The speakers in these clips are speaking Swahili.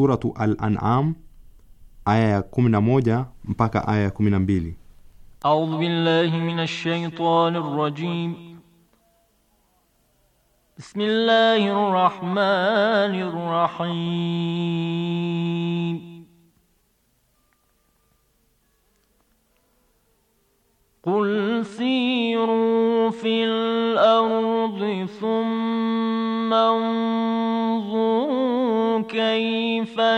Suratu Al-An'am aya ya kumi 11 mpaka aya ya 12. A'udhu billahi minash shaitanir rajim. Bismillahir rahmanir rahim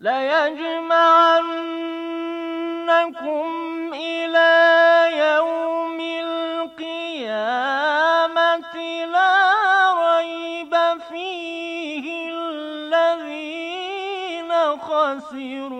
ليجمعنكم إلى يوم القيامة لا ريب فيه الذين خسروا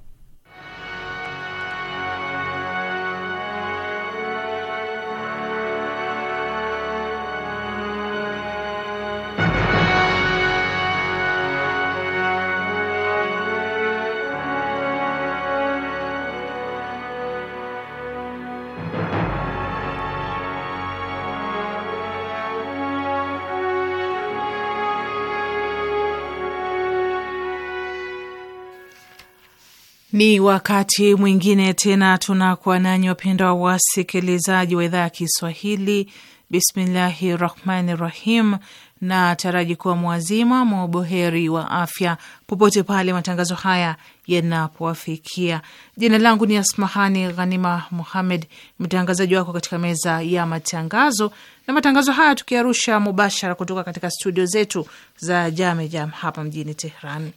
Ni wakati mwingine tena tunakuwa nanyi wapendwa wasikilizaji wa idhaa ya Kiswahili. Bismillahi rahmani rahim, na taraji kuwa mwazima mwaboheri wa afya popote pale matangazo haya yanapowafikia. Jina langu ni Asmahani Ghanima Muhammed, mtangazaji wako katika meza ya matangazo, na matangazo haya tukiarusha mubashara kutoka katika studio zetu za Jamejam hapa mjini Tehran.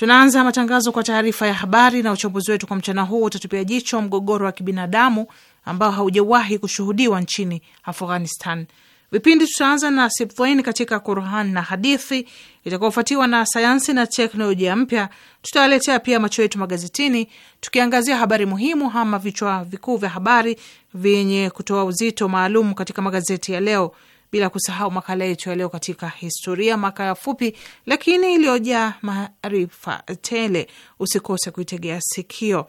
Tunaanza matangazo kwa taarifa ya habari na uchambuzi wetu kwa mchana huu utatupia jicho mgogoro wa kibinadamu ambao haujawahi kushuhudiwa nchini Afghanistan. Vipindi tutaanza na Sipthain katika Quran na hadithi itakaofuatiwa na sayansi na teknolojia mpya. Tutawaletea pia macho yetu magazetini, tukiangazia habari muhimu ama vichwa vikuu vya habari vyenye kutoa uzito maalum katika magazeti ya leo bila kusahau makala yetu ya leo katika historia, makala fupi lakini iliyojaa maarifa tele. Usikose kuitegea sikio.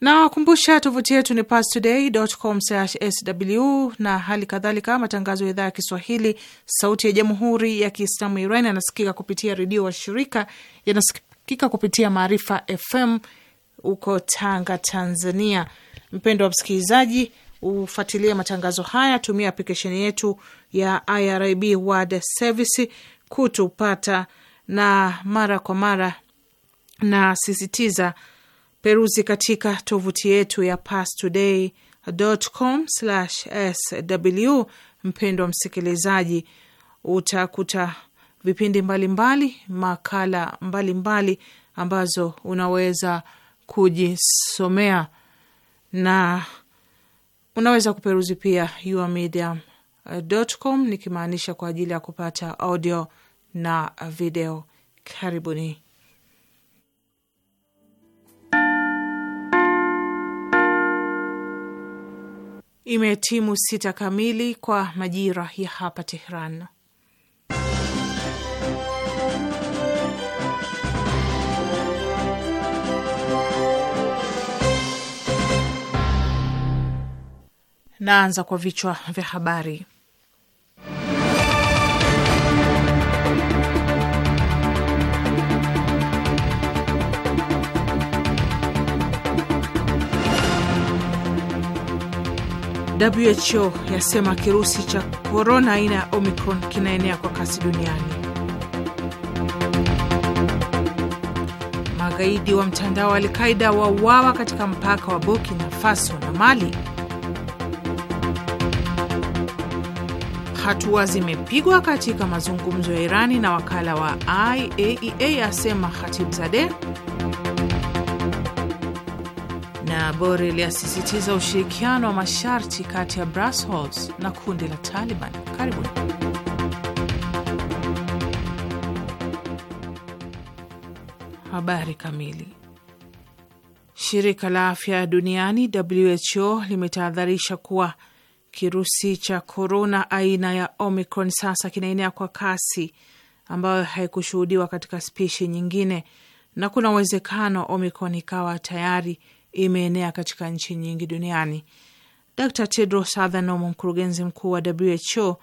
Nawakumbusha tovuti yetu ni pastoday.com/sw na hali kadhalika matangazo ya idhaa ya Kiswahili sauti ya jamhuri ya Kiislamu Iran yanasikika kupitia redio wa shirika yanasikika kupitia Maarifa FM huko Tanga, Tanzania. Mpendo wa msikilizaji ufuatilie matangazo haya, tumia aplikesheni yetu ya IRIB World Service kutupata, na mara kwa mara na sisitiza peruzi katika tovuti yetu ya pastoday.com/sw. Mpendwa msikilizaji, utakuta vipindi mbalimbali mbali, makala mbalimbali mbali, ambazo unaweza kujisomea na Unaweza kuperuzi pia yourmedium.com nikimaanisha kwa ajili ya kupata audio na video. Karibuni. Imetimu sita kamili kwa majira ya hapa Tehran. Naanza kwa vichwa vya habari. WHO yasema kirusi cha korona aina ya Omicron kinaenea kwa kasi duniani. Magaidi wa mtandao wa Alqaida wauawa katika mpaka wa Burkina Faso na Mali. Hatua zimepigwa katika mazungumzo ya Irani na wakala wa IAEA e asema zade Na Borel yasisitiza ushirikiano wa masharti kati ya Brussels na kundi la Taliban. Karibuni. Habari kamili. Shirika la afya duniani WHO limetahadharisha kuwa Kirusi cha korona aina ya Omicron sasa kinaenea kwa kasi ambayo haikushuhudiwa katika spishi nyingine, na kuna uwezekano Omicron ikawa tayari imeenea katika nchi nyingi duniani. Dr Tedros Adhanom, mkurugenzi mkuu wa WHO,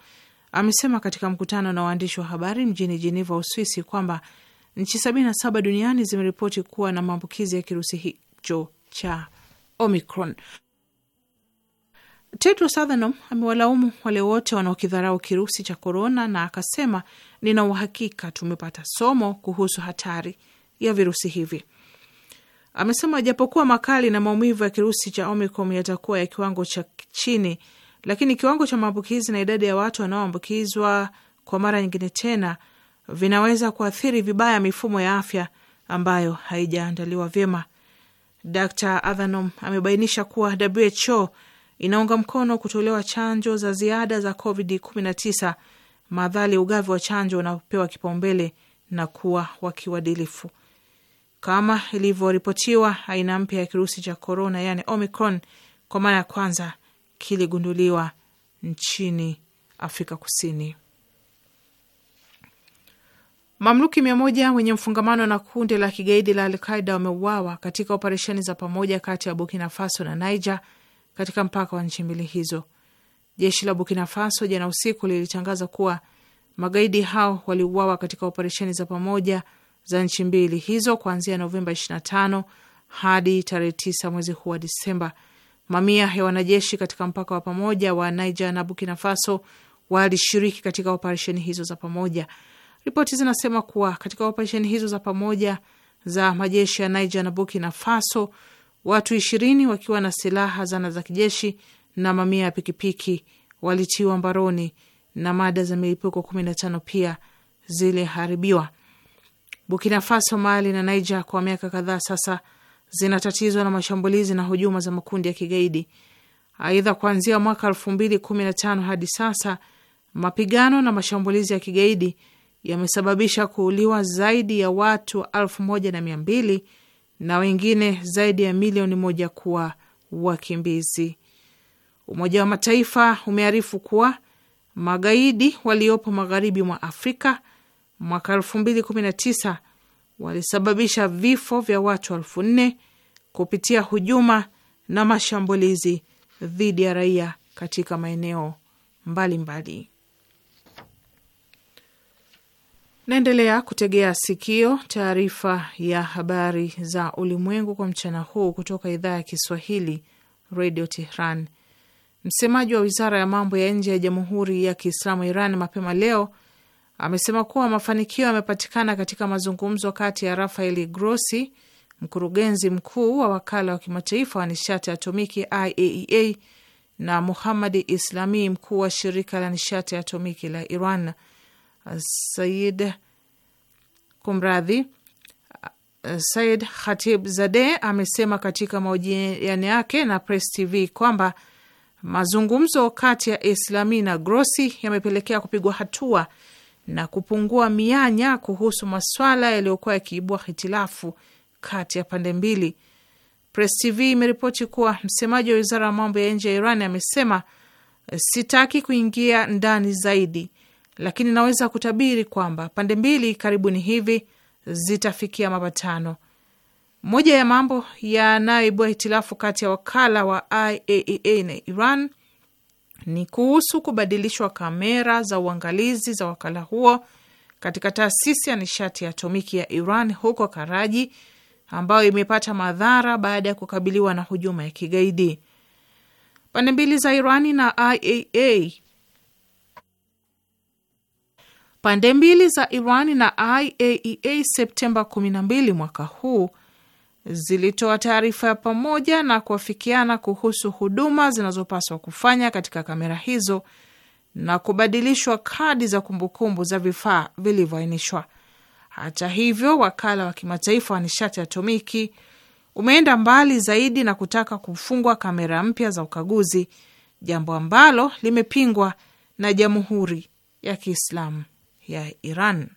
amesema katika mkutano na waandishi wa habari mjini Jeneva, Uswisi, kwamba nchi 77 duniani zimeripoti kuwa na maambukizi ya kirusi hicho cha Omicron. Tedros Adhanom amewalaumu wale wote wanaokidharau kirusi cha korona na akasema, nina uhakika tumepata somo kuhusu hatari ya virusi hivi. Amesema japokuwa makali na maumivu ya kirusi cha Omicron yatakuwa ya kiwango cha chini, lakini kiwango cha maambukizi na idadi ya watu wanaoambukizwa kwa mara nyingine tena vinaweza kuathiri vibaya mifumo ya afya ambayo haijaandaliwa vyema. Dr Adhanom amebainisha kuwa WHO inaunga mkono kutolewa chanjo za ziada za COVID-19 madhali ugavi wa chanjo unapewa kipaumbele na kuwa wa kiuadilifu. Kama ilivyoripotiwa, aina mpya ya kirusi cha korona, yani Omicron, kwa mara ya kwanza kiligunduliwa nchini Afrika Kusini. Mamluki mia moja wenye mfungamano na kundi la kigaidi la Alqaida wameuawa katika operesheni za pamoja kati ya Burkina Faso na Niger katika mpaka wa nchi mbili hizo. Jeshi la Burkina Faso jana usiku lilitangaza kuwa magaidi hao waliuawa katika operesheni za pamoja za nchi mbili hizo kuanzia Novemba 25 hadi tarehe 9 mwezi huu wa Disemba. Mamia ya wanajeshi katika mpaka wa pamoja wa Niger na Burkina Faso walishiriki katika operesheni hizo za pamoja. Ripoti zinasema kuwa katika operesheni hizo za pamoja za majeshi ya Niger na Burkina Faso watu ishirini wakiwa na silaha, zana za kijeshi na mamia ya pikipiki walitiwa mbaroni na mada za milipuko kumi na tano pia ziliharibiwa. Burkina Faso, Mali na Niger kwa miaka kadhaa sasa zinatatizwa na mashambulizi na hujuma za makundi ya kigaidi. Aidha, kuanzia mwaka elfu mbili kumi na tano hadi sasa mapigano na mashambulizi ya kigaidi yamesababisha kuuliwa zaidi ya watu elfu moja na mia mbili na wengine zaidi ya milioni moja kuwa wakimbizi. Umoja wa Mataifa umearifu kuwa magaidi waliopo magharibi mwa Afrika mwaka elfu kumi na tisa walisababisha vifo vya watu elfu nne kupitia hujuma na mashambulizi dhidi ya raia katika maeneo mbalimbali. Naendelea kutegea sikio taarifa ya habari za ulimwengu kwa mchana huu kutoka idhaa ya Kiswahili redio Tehran. Msemaji wa wizara ya mambo ya nje ya jamhuri ya Kiislamu Iran mapema leo amesema kuwa mafanikio yamepatikana katika mazungumzo kati ya Rafael Grossi, mkurugenzi mkuu wa wakala wa kimataifa wa nishati atomiki IAEA, e na Muhamadi Islami, mkuu wa shirika la nishati atomiki la Iran Said kumradhi, Said Khatib zade amesema katika mahojiano yake na Press TV kwamba mazungumzo kati ya Islami na Grossi yamepelekea kupigwa hatua na kupungua mianya kuhusu maswala yaliyokuwa yakiibua hitilafu kati ya pande mbili. Press TV imeripoti kuwa msemaji wa wizara ya mambo ya nje ya Iran amesema, sitaki kuingia ndani zaidi lakini naweza kutabiri kwamba pande mbili karibuni hivi zitafikia mapatano. Moja ya mambo yanayoibua hitilafu kati ya wakala wa IAEA e na Iran ni kuhusu kubadilishwa kamera za uangalizi za wakala huo katika taasisi ya nishati ya atomiki ya Iran huko Karaji, ambayo imepata madhara baada ya kukabiliwa na hujuma ya kigaidi. Pande mbili za Irani na IAEA e pande mbili za Iran na IAEA e Septemba 12 mwaka huu zilitoa taarifa ya pamoja na kuafikiana kuhusu huduma zinazopaswa kufanya katika kamera hizo na kubadilishwa kadi za kumbukumbu za vifaa vilivyoainishwa. Hata hivyo, wakala wa kimataifa wa nishati atomiki umeenda mbali zaidi na kutaka kufungwa kamera mpya za ukaguzi, jambo ambalo limepingwa na Jamhuri ya Kiislamu ya Iran.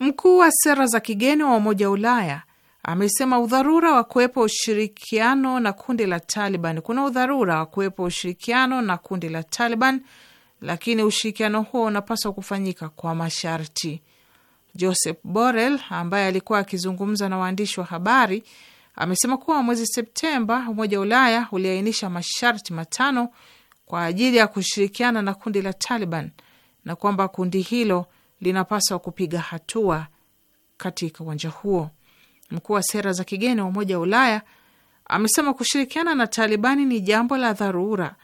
Mkuu wa sera za kigeni wa Umoja wa Ulaya amesema udharura wa kuwepo ushirikiano na kundi la Taliban. Kuna udharura wa kuwepo ushirikiano na kundi la Taliban, lakini ushirikiano huo unapaswa kufanyika kwa masharti. Joseph Borrell ambaye alikuwa akizungumza na waandishi wa habari amesema kuwa mwezi Septemba Umoja wa Ulaya uliainisha masharti matano kwa ajili ya kushirikiana na kundi la Taliban na kwamba kundi hilo linapaswa kupiga hatua katika uwanja huo. Mkuu wa sera za kigeni wa Umoja wa Ulaya amesema kushirikiana na Talibani ni jambo la dharura,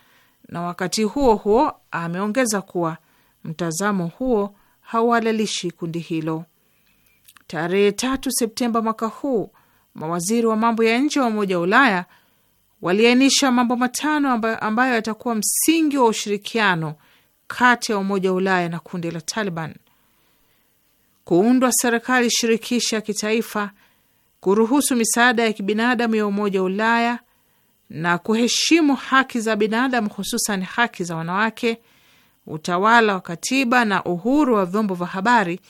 na wakati huo huo ameongeza kuwa mtazamo huo hauhalalishi kundi hilo. Tarehe tatu Septemba mwaka huu mawaziri wa mambo ya nje wa Umoja wa Ulaya waliainisha mambo matano ambayo yatakuwa msingi wa ushirikiano kati ya Umoja wa Ulaya na kundi la Taliban: kuundwa serikali shirikishi ya kitaifa, kuruhusu misaada ya kibinadamu ya Umoja wa Ulaya na kuheshimu haki za binadamu, hususan haki za wanawake, utawala wa katiba na uhuru wa vyombo vya habari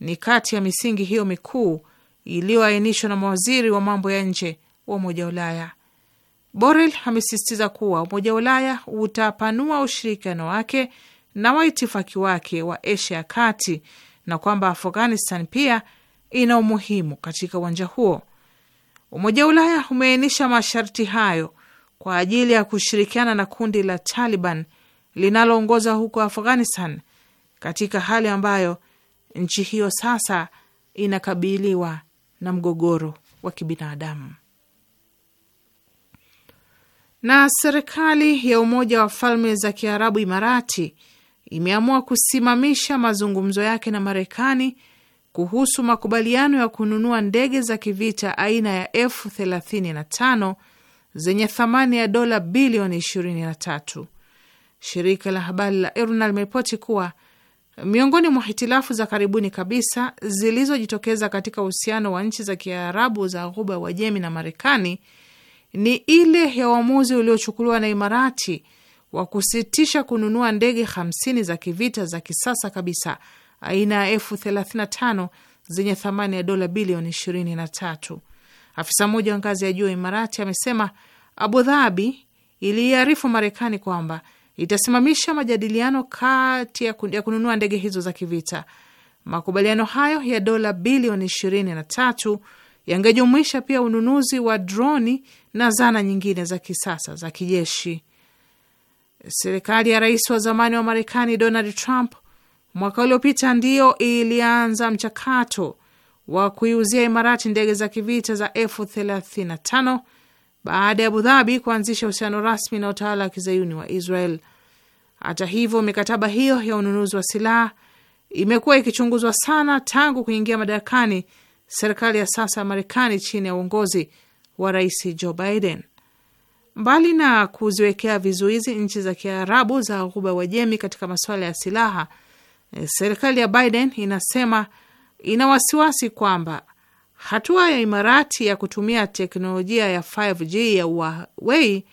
ni kati ya misingi hiyo mikuu iliyoainishwa na mawaziri wa mambo ya nje wa Umoja wa Ulaya. Borel amesisitiza kuwa Umoja wa Ulaya utapanua ushirikiano wake na waitifaki wake wa Asia ya Kati na kwamba Afghanistan pia ina umuhimu katika uwanja huo. Umoja wa Ulaya umeainisha masharti hayo kwa ajili ya kushirikiana na kundi la Taliban linaloongoza huko Afghanistan, katika hali ambayo nchi hiyo sasa inakabiliwa na mgogoro wa kibinadamu. Na serikali ya Umoja wa Falme za Kiarabu Imarati imeamua kusimamisha mazungumzo yake na Marekani kuhusu makubaliano ya kununua ndege za kivita aina ya F35 zenye thamani ya dola bilioni 23. Shirika la habari la IRNA limeripoti kuwa miongoni mwa hitilafu za karibuni kabisa zilizojitokeza katika uhusiano wa nchi za Kiarabu za Ghuba Wajemi na Marekani ni ile ya uamuzi uliochukuliwa na Imarati wa kusitisha kununua ndege 50 za kivita za kisasa kabisa aina ya F35 zenye thamani ya dola bilioni 23. Afisa mmoja wa ngazi ya juu ya Imarati amesema Abu Dhabi iliarifu Marekani kwamba itasimamisha majadiliano kati ya kununua ndege hizo za kivita. Makubaliano hayo ya dola bilioni 23 yangejumuisha pia ununuzi wa droni na zana nyingine za kisasa za kijeshi. Serikali ya rais wa zamani wa Marekani Donald Trump mwaka uliopita ndiyo ilianza mchakato wa kuiuzia Imarati ndege za kivita za F35 baada ya Abu Dhabi kuanzisha uhusiano rasmi na utawala wa kizayuni wa Israel. Hata hivyo, mikataba hiyo ya ununuzi wa silaha imekuwa ikichunguzwa sana tangu kuingia madarakani serikali ya sasa ya Marekani chini ya uongozi wa rais Joe Biden. Mbali na kuziwekea vizuizi nchi za Kiarabu za Ghuba Wajemi katika masuala ya silaha, eh, serikali ya Biden inasema ina wasiwasi kwamba hatua ya Imarati ya kutumia teknolojia ya 5G ya Huawei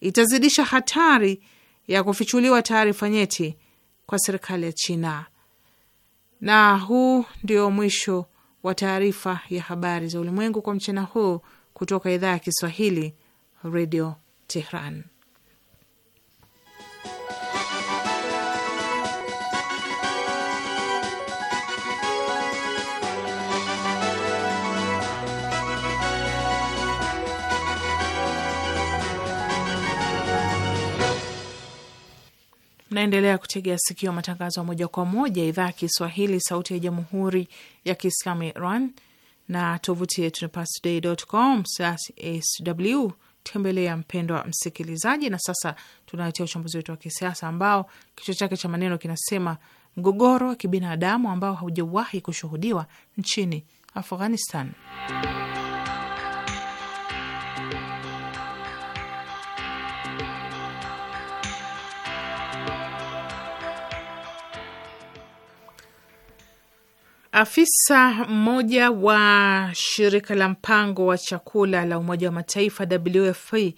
itazidisha hatari ya kufichuliwa taarifa nyeti kwa serikali ya China. Na huu ndio mwisho wa taarifa ya habari za ulimwengu kwa mchana huu kutoka idhaa ya Kiswahili Redio Tehran. Naendelea kutegea sikio matangazo ya moja kwa moja idhaa ya Kiswahili, sauti ya jamhuri ya kiislamu Iran na tovuti yetu ni pastoday.com sw. Tembelea mpendwa msikilizaji. Na sasa tunaletea uchambuzi wetu wa kisiasa ambao kichwa chake cha maneno kinasema mgogoro wa kibinadamu ambao haujawahi kushuhudiwa nchini Afghanistan. Afisa mmoja wa shirika la mpango wa chakula la Umoja wa Mataifa WFP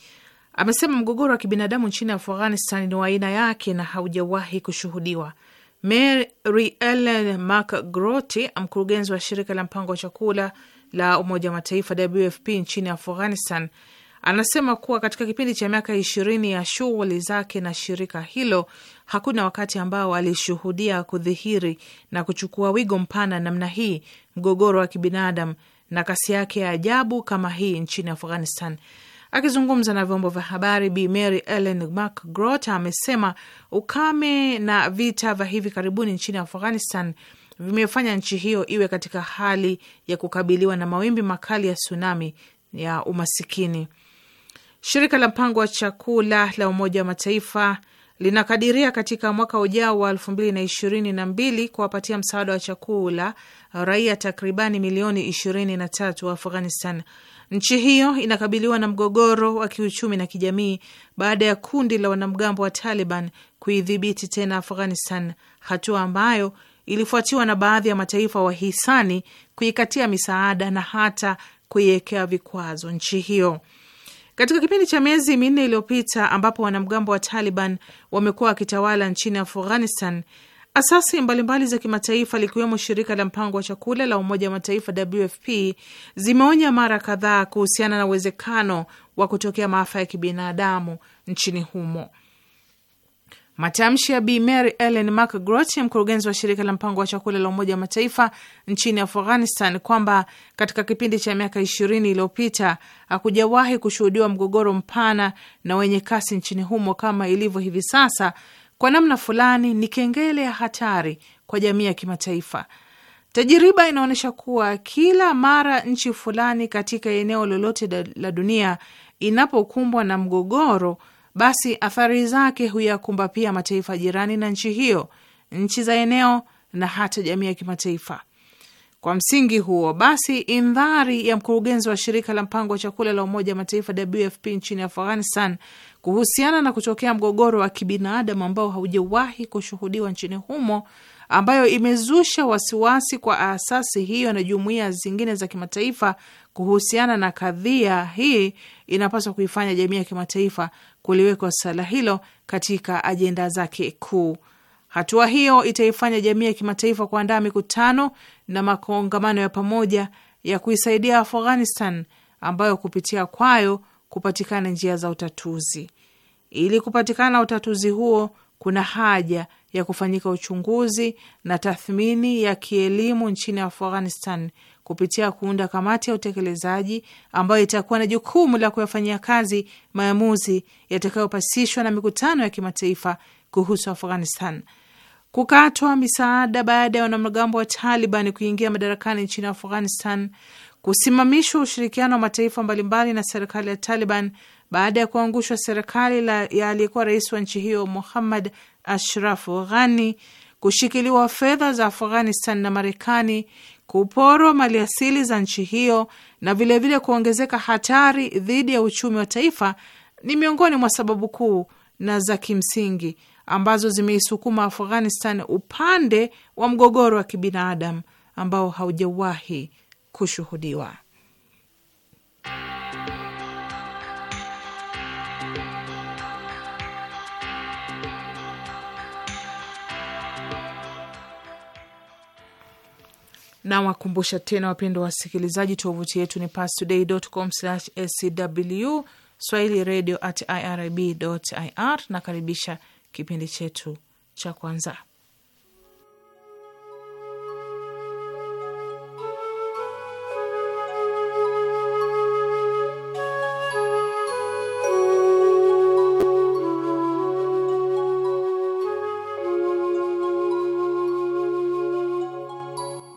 amesema mgogoro wa kibinadamu nchini Afghanistan ni wa aina yake na haujawahi kushuhudiwa. Mary Ellen groti mkurugenzi wa shirika la mpango wa chakula la Umoja wa Mataifa WFP nchini Afghanistan, Anasema kuwa katika kipindi cha miaka ishirini ya shughuli zake na shirika hilo hakuna wakati ambao alishuhudia kudhihiri na kuchukua wigo mpana namna hii mgogoro wa kibinadamu na kasi yake ya ajabu kama hii nchini Afghanistan. Akizungumza na vyombo vya habari, Bi Mary Ellen McGrot amesema ukame na vita vya hivi karibuni nchini Afghanistan vimefanya nchi hiyo iwe katika hali ya kukabiliwa na mawimbi makali ya tsunami ya umasikini. Shirika la mpango wa chakula la Umoja wa Mataifa linakadiria katika mwaka ujao wa elfu mbili na ishirini na mbili kuwapatia msaada wa chakula raia takribani milioni ishirini na tatu wa Afghanistan. Nchi hiyo inakabiliwa na mgogoro wa kiuchumi na kijamii baada ya kundi la wanamgambo wa Taliban kuidhibiti tena Afghanistan, hatua ambayo ilifuatiwa na baadhi ya mataifa wahisani kuikatia misaada na hata kuiwekea vikwazo nchi hiyo. Katika kipindi cha miezi minne iliyopita, ambapo wanamgambo wa Taliban wamekuwa wakitawala nchini Afghanistan, asasi mbalimbali za kimataifa likiwemo shirika la mpango wa chakula la Umoja wa Mataifa WFP zimeonya mara kadhaa kuhusiana na uwezekano wa kutokea maafa ya kibinadamu nchini humo. Matamshi ya Bi Mary Ellen McGrot, mkurugenzi wa shirika la mpango wa chakula la Umoja wa Mataifa nchini Afghanistan, kwamba katika kipindi cha miaka ishirini iliyopita hakujawahi kushuhudiwa mgogoro mpana na wenye kasi nchini humo kama ilivyo hivi sasa, kwa namna fulani ni kengele ya hatari kwa jamii ya kimataifa. Tajiriba inaonyesha kuwa kila mara nchi fulani katika eneo lolote la dunia inapokumbwa na mgogoro basi athari zake huyakumba pia mataifa jirani na nchi hiyo, nchi za eneo na hata jamii ya kimataifa. Kwa msingi huo basi, indhari ya mkurugenzi wa shirika la mpango wa chakula la Umoja wa Mataifa WFP nchini Afghanistan kuhusiana na kutokea mgogoro wa kibinadamu ambao haujawahi kushuhudiwa nchini humo ambayo imezusha wasiwasi kwa asasi hiyo na jumuiya zingine za kimataifa kuhusiana na kadhia hii, inapaswa kuifanya jamii ya kimataifa kuliwekwa swala hilo katika ajenda zake kuu. Hatua hiyo itaifanya jamii ya kimataifa kuandaa mikutano na makongamano ya pamoja ya kuisaidia Afghanistan ambayo kupitia kwayo kupatikana njia za utatuzi. Ili kupatikana utatuzi huo, kuna haja ya kufanyika uchunguzi na tathmini ya kielimu nchini Afghanistan kupitia kuunda kamati ya utekelezaji ambayo itakuwa na jukumu la kuyafanyia kazi maamuzi yatakayopasishwa na mikutano ya kimataifa kuhusu Afghanistan. Kukatwa misaada baada ya wanamgambo wa Taliban kuingia madarakani nchini Afghanistan, kusimamishwa ushirikiano wa mataifa mbalimbali na serikali ya Taliban baada ya kuangushwa serikali ya aliyekuwa rais wa nchi hiyo Muhammad Ashrafu Ghani, kushikiliwa fedha za Afghanistan na Marekani, kuporwa mali asili za nchi hiyo na vilevile kuongezeka hatari dhidi ya uchumi wa taifa ni miongoni mwa sababu kuu na za kimsingi ambazo zimeisukuma Afghanistan upande wa mgogoro wa kibinadamu ambao haujawahi kushuhudiwa. Nawakumbusha tena wapendo wa wasikilizaji, tovuti yetu ni pastoday.com/scw, swahili radio at irib.ir. Nakaribisha kipindi chetu cha kwanza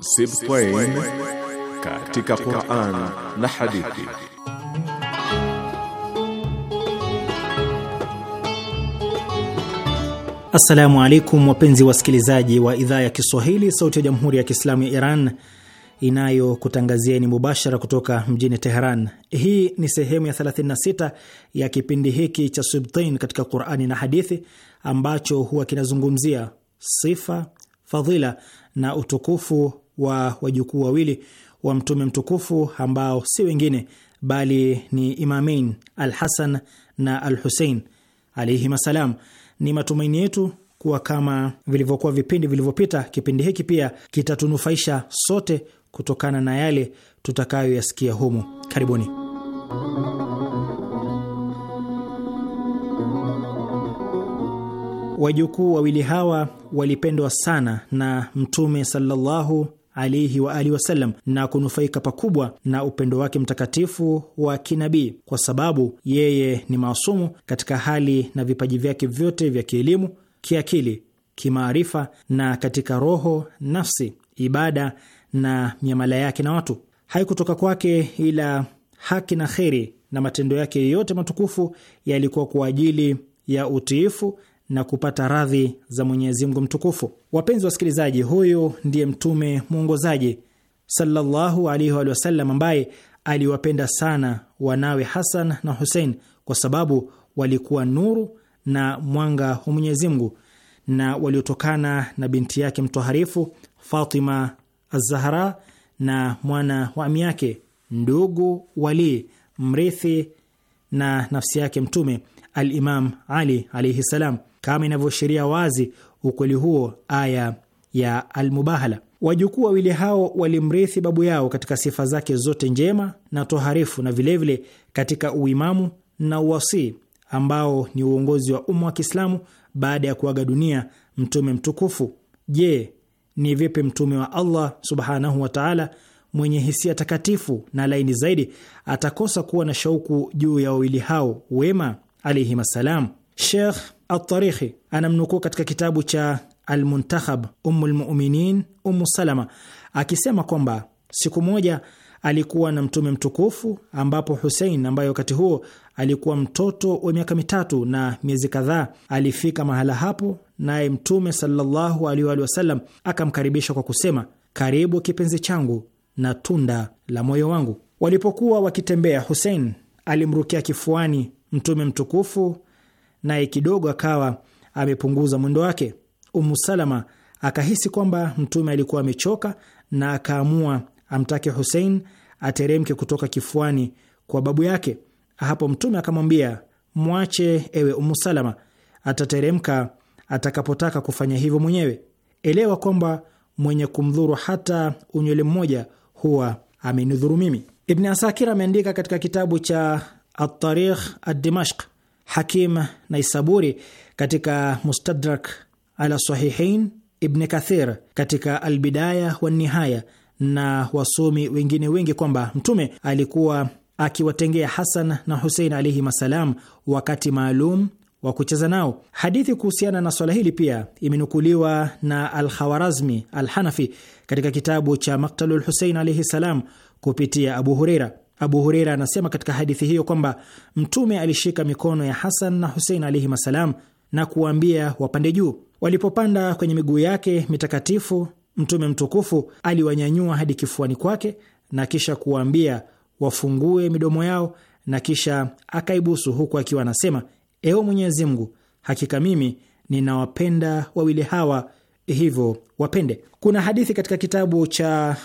Sibtain katika Qur'an na hadithi. Assalamu alaikum wapenzi wasikilizaji wa idhaa ya Kiswahili sauti ya Jamhuri ya Kiislamu ya Iran inayokutangazieni mubashara kutoka mjini Teheran. Hii ni sehemu ya 36 ya kipindi hiki cha Sibtain katika Qur'ani na hadithi ambacho huwa kinazungumzia sifa, fadhila na utukufu wa wajukuu wawili wa mtume mtukufu ambao si wengine bali ni Imamain al Hasan na al Husein alaihim salam. Ni matumaini yetu kuwa kama vilivyokuwa vipindi vilivyopita, kipindi hiki pia kitatunufaisha sote kutokana na yale tutakayoyasikia humo Karibuni. Wajukuu wawili hawa walipendwa sana na Mtume sallallahu alaihi wa alihi wasallam na kunufaika pakubwa na upendo wake mtakatifu wa kinabii, kwa sababu yeye ni maasumu katika hali na vipaji vyake vyote vya kielimu, kiakili, kimaarifa na katika roho, nafsi, ibada na miamala yake na watu. Haikutoka kwake ila haki na kheri, na matendo yake yote matukufu yalikuwa kwa ajili ya utiifu na kupata radhi za Mwenyezi Mungu mtukufu. Wapenzi wasikilizaji, huyu ndiye mtume mwongozaji sallallahu alaihi wa sallam ambaye aliwapenda sana wanawe Hasan na Husein kwa sababu walikuwa nuru na mwanga wa Mwenyezi Mungu na waliotokana na binti yake mtoharifu Fatima Az-Zahra na mwana wa ami yake ndugu Walii mrithi na nafsi yake mtume alimam Ali alaihi salam kama inavyoashiria wazi ukweli huo aya ya Almubahala. Wajukuu wawili hao walimrithi babu yao katika sifa zake zote njema na toharifu, na vilevile vile katika uimamu na uwasii ambao ni uongozi wa umma wa Kiislamu baada ya kuaga dunia mtume mtukufu. Je, ni vipi mtume wa Allah subhanahu wa taala mwenye hisia takatifu na laini zaidi atakosa kuwa na shauku juu ya wawili hao wema alaihim assalam? Sheikh Atarikhi anamnukuu katika kitabu cha Almuntakhab Ummul Lmuminin Ummu Salama akisema kwamba siku moja alikuwa na Mtume mtukufu ambapo Husein ambaye wakati huo alikuwa mtoto wa miaka mitatu na miezi kadhaa alifika mahala hapo, naye Mtume sallallahu alaihi wasallam akamkaribisha kwa kusema, karibu kipenzi changu na tunda la moyo wangu. Walipokuwa wakitembea, Husein alimrukia kifuani Mtume mtukufu naye kidogo akawa amepunguza mwendo wake. Umu Salama akahisi kwamba Mtume alikuwa amechoka na akaamua amtake Husein ateremke kutoka kifuani kwa babu yake. Hapo Mtume akamwambia, mwache ewe Umu Salama, atateremka atakapotaka kufanya hivyo mwenyewe. Elewa kwamba mwenye kumdhuru hata unywele mmoja huwa amenidhuru mimi. Ibni Asakir ameandika katika kitabu cha Atarikh Adimashk Hakim Naisaburi katika Mustadrak ala Sahihain, Ibn Kathir katika Albidaya wa Nihaya na wasomi wengine wengi kwamba Mtume alikuwa akiwatengea Hasan na Husein alaihi masalam wakati maalum wa kucheza nao. Hadithi kuhusiana na swala hili pia imenukuliwa na Alkhawarazmi Alhanafi katika kitabu cha Maktalu lhusein alaihi salam kupitia Abu Hureira. Abu Hureira anasema katika hadithi hiyo kwamba Mtume alishika mikono ya Hasan na Husein alaihi wassalam na kuwaambia wapande juu. Walipopanda kwenye miguu yake mitakatifu, Mtume mtukufu aliwanyanyua hadi kifuani kwake na kisha kuwaambia wafungue midomo yao na kisha akaibusu, huku akiwa anasema: ewe Mwenyezi Mungu, hakika mimi ninawapenda wawili hawa, hivyo wapende. Kuna hadithi katika kitabu cha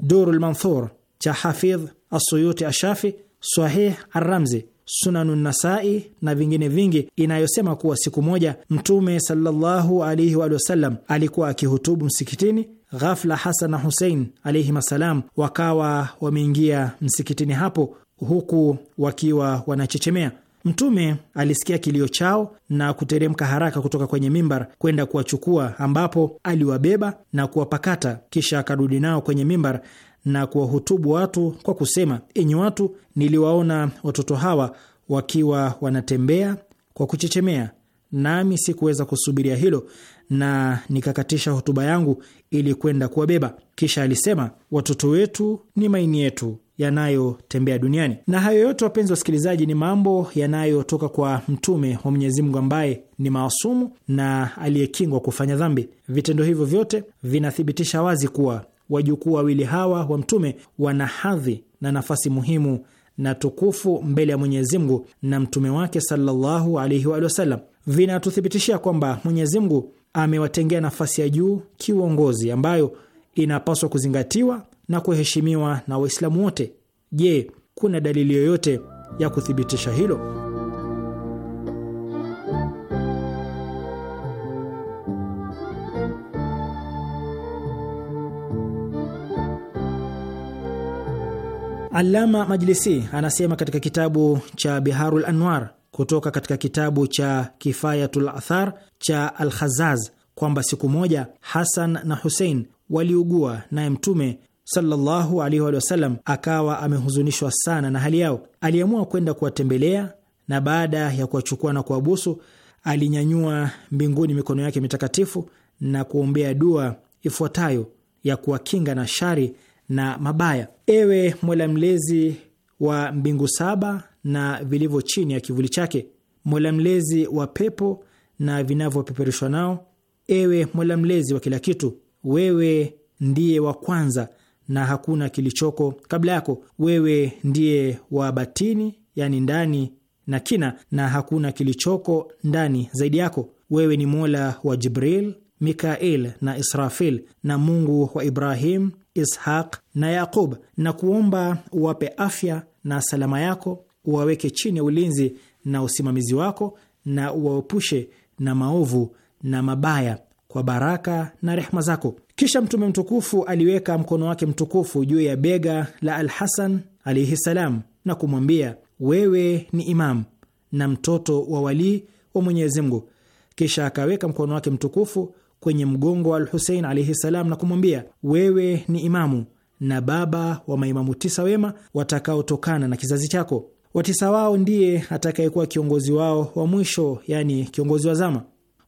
Durul Manthur cha Hafidh Asuyuti Ashafi, Swahih Arramzi, Sunanu Nasai na vingine vingi, inayosema kuwa siku moja Mtume sallallahu alaihi wa sallam alikuwa akihutubu msikitini. Ghafla Hasan na Husein alaihim assalam wakawa wameingia msikitini hapo huku wakiwa wanachechemea. Mtume alisikia kilio chao na kuteremka haraka kutoka kwenye mimbar kwenda kuwachukua, ambapo aliwabeba na kuwapakata, kisha akarudi nao kwenye mimbar na kuwahutubu watu kwa kusema, enyi watu, niliwaona watoto hawa wakiwa wanatembea kwa kuchechemea, nami sikuweza kusubiria hilo, na nikakatisha hotuba yangu ili kwenda kuwabeba. Kisha alisema, watoto wetu ni maini yetu yanayotembea duniani. Na hayo yote, wapenzi wasikilizaji, ni mambo yanayotoka kwa mtume wa Mwenyezi Mungu ambaye ni maasumu na aliyekingwa kufanya dhambi. Vitendo hivyo vyote vinathibitisha wazi kuwa wajukuu wawili hawa wa Mtume wana hadhi na nafasi muhimu na tukufu mbele ya Mwenyezi Mungu na mtume wake sallallahu alaihi wa sallam. Vinatuthibitishia kwamba Mwenyezi Mungu amewatengea nafasi ya juu kiuongozi ambayo inapaswa kuzingatiwa na kuheshimiwa na Waislamu wote. Je, kuna dalili yoyote ya kuthibitisha hilo? alama Majlisi anasema katika kitabu cha Biharul Anwar kutoka katika kitabu cha Kifayatul Athar cha alkhazaz kwamba siku moja Hasan na Husein waliugua, naye Mtume sallallahu alaihi wasallam akawa amehuzunishwa sana na hali yao. Aliamua kwenda kuwatembelea, na baada ya kuwachukua na kuwabusu, alinyanyua mbinguni mikono yake mitakatifu na kuombea dua ifuatayo ya kuwakinga na shari na mabaya. Ewe Mola mlezi wa mbingu saba na vilivyo chini ya kivuli chake, Mola mlezi wa pepo na vinavyopeperushwa nao, ewe Mola mlezi wa kila kitu, wewe ndiye wa kwanza na hakuna kilichoko kabla yako. Wewe ndiye wa batini, yani ndani na kina, na hakuna kilichoko ndani zaidi yako. Wewe ni Mola wa Jibril, mikael na Israfil, na Mungu wa Ibrahim Ishaq na Yaqub na kuomba uwape afya na salama yako, uwaweke chini ya ulinzi na usimamizi wako, na uwaepushe na maovu na mabaya kwa baraka na rehma zako. Kisha Mtume mtukufu aliweka mkono wake mtukufu juu ya bega la alhasan alaihi ssalam na kumwambia, wewe ni imamu na mtoto wa walii wa Mwenyezi Mungu. Kisha akaweka mkono wake mtukufu kwenye mgongo wa alhusein alaihi salam na kumwambia, wewe ni imamu na baba wa maimamu tisa wema watakaotokana na kizazi chako. Watisa wao ndiye atakayekuwa kiongozi wao wa mwisho, yani kiongozi wa zama.